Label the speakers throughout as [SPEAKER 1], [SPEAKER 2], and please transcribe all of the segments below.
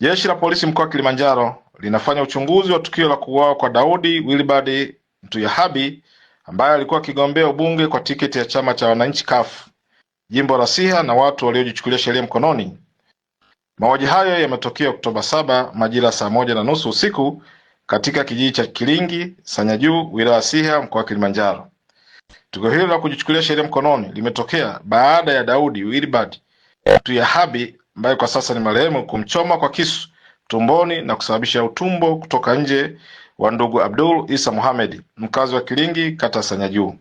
[SPEAKER 1] Jeshi la Polisi mkoa wa Kilimanjaro linafanya uchunguzi wa tukio la kuuawa kwa Daudi Wilbard Ntuyehabi ambaye alikuwa akigombea ubunge kwa tiketi ya chama cha wananchi CUF jimbo la Siha na watu waliojichukulia sheria mkononi. Mauaji hayo yametokea Oktoba saba majira saa moja na nusu usiku katika kijiji cha Kilingi Juu, wilaya Siha mkoa wa Kilimanjaro. Tukio hilo la kujichukulia sheria mkononi limetokea baada ya Daudi Wilbard Ntuyehabi ambaye kwa sasa ni marehemu kumchoma kwa kisu tumboni na kusababisha utumbo kutoka nje wa ndugu Abdul Isa Mohamed mkazi wa Kilingi kata Sanya Juu.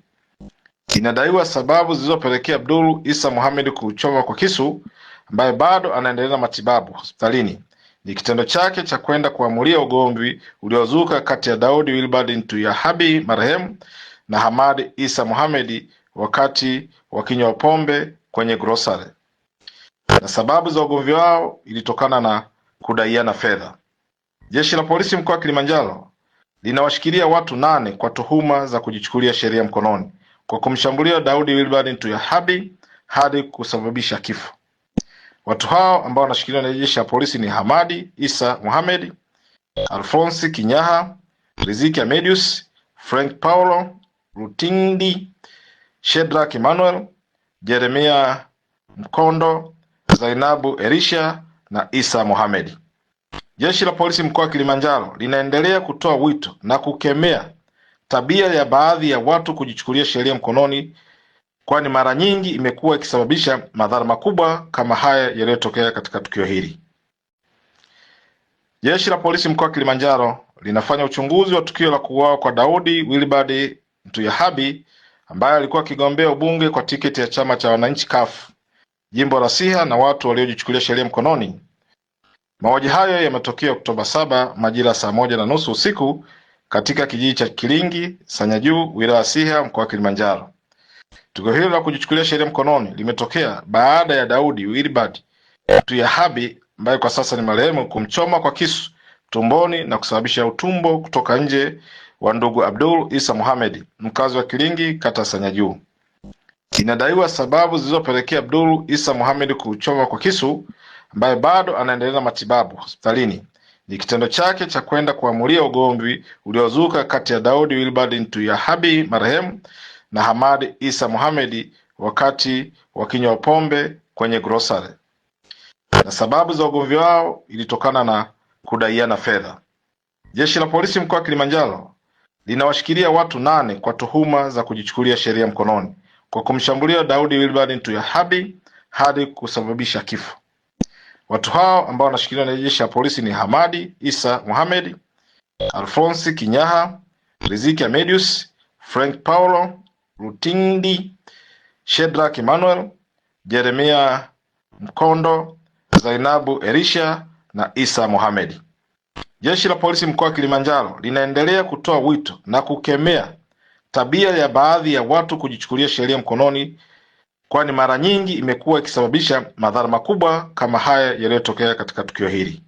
[SPEAKER 1] Inadaiwa sababu zilizopelekea Abdul Isa Mohamed kuchoma kwa kisu ambaye bado anaendelea na matibabu hospitalini ni kitendo chake cha kwenda kuamulia ugomvi uliozuka kati ya Daudi Wilbard Ntuyahabi marehemu na Hamadi Isa Mohamed wakati wakinywa pombe kwenye grosari na sababu za ugomvi wao ilitokana na kudaiana fedha. Jeshi la polisi mkoa wa Kilimanjaro linawashikilia watu nane kwa tuhuma za kujichukulia sheria mkononi kwa kumshambulia Daudi Wilbard Ntuyahadi hadi kusababisha kifo. Watu hao ambao wanashikiliwa na jeshi la polisi ni Hamadi Isa Mohamed, Alfonsi Kinyaha, Riziki Amedius, Frank Paulo Rutindi, shedra Emmanuel, Jeremia Mkondo Zainabu Elisha na Isa Mohamed. Jeshi la Polisi mkoa wa Kilimanjaro linaendelea kutoa wito na kukemea tabia ya baadhi ya watu kujichukulia sheria mkononi, kwani mara nyingi imekuwa ikisababisha madhara makubwa kama haya yaliyotokea katika tukio hili. Jeshi la Polisi mkoa wa Kilimanjaro linafanya uchunguzi wa tukio la kuuawa kwa Daudi Wilbard Ntuyehabi ambaye alikuwa akigombea ubunge kwa tiketi ya chama cha wananchi CUF jimbo la Siha na watu waliojichukulia sheria mkononi. Mauaji hayo yametokea Oktoba saba majira saa moja na nusu usiku katika kijiji cha Kilingi Juu, wilaya Siha, mkoa wa Kilimanjaro. Tukio hilo la kujichukulia sheria mkononi limetokea baada ya Daudi Wilbard Tuyahabi ambaye kwa sasa ni marehemu kumchoma kwa kisu tumboni na kusababisha utumbo kutoka nje wa ndugu Abdul Isa muhamedi mkazi wa Kilingi, kata Juu. Inadaiwa sababu zilizopelekea Abdul isa Muhammad kuchomwa kwa kisu ambaye bado anaendelea matibabu hospitalini ni kitendo chake cha kwenda kuamulia ugomvi uliozuka kati ya Daudi Wilbard Ntuyehabi marehemu na Hamadi isa Muhammad wakati wakinywa pombe kwenye grocery. na sababu za ugomvi wao ilitokana na kudaiana fedha. Jeshi la polisi mkoa wa Kilimanjaro linawashikilia watu nane kwa tuhuma za kujichukulia sheria mkononi kwa kumshambulia Daudi Wilbard Ntuyehabi hadi kusababisha kifo. Watu hao ambao wanashikiliwa na jeshi la polisi ni Hamadi Isa Mohamed, Alfonsi Kinyaha, Riziki Amedius, Frank Paulo Rutindi, Shedrak Emmanuel, Jeremia Mkondo, Zainabu Elisha na Isa Mohamed. Jeshi la polisi mkoa wa Kilimanjaro linaendelea kutoa wito na kukemea tabia ya baadhi ya watu kujichukulia sheria mkononi, kwani mara nyingi imekuwa ikisababisha madhara makubwa kama haya yaliyotokea katika tukio hili.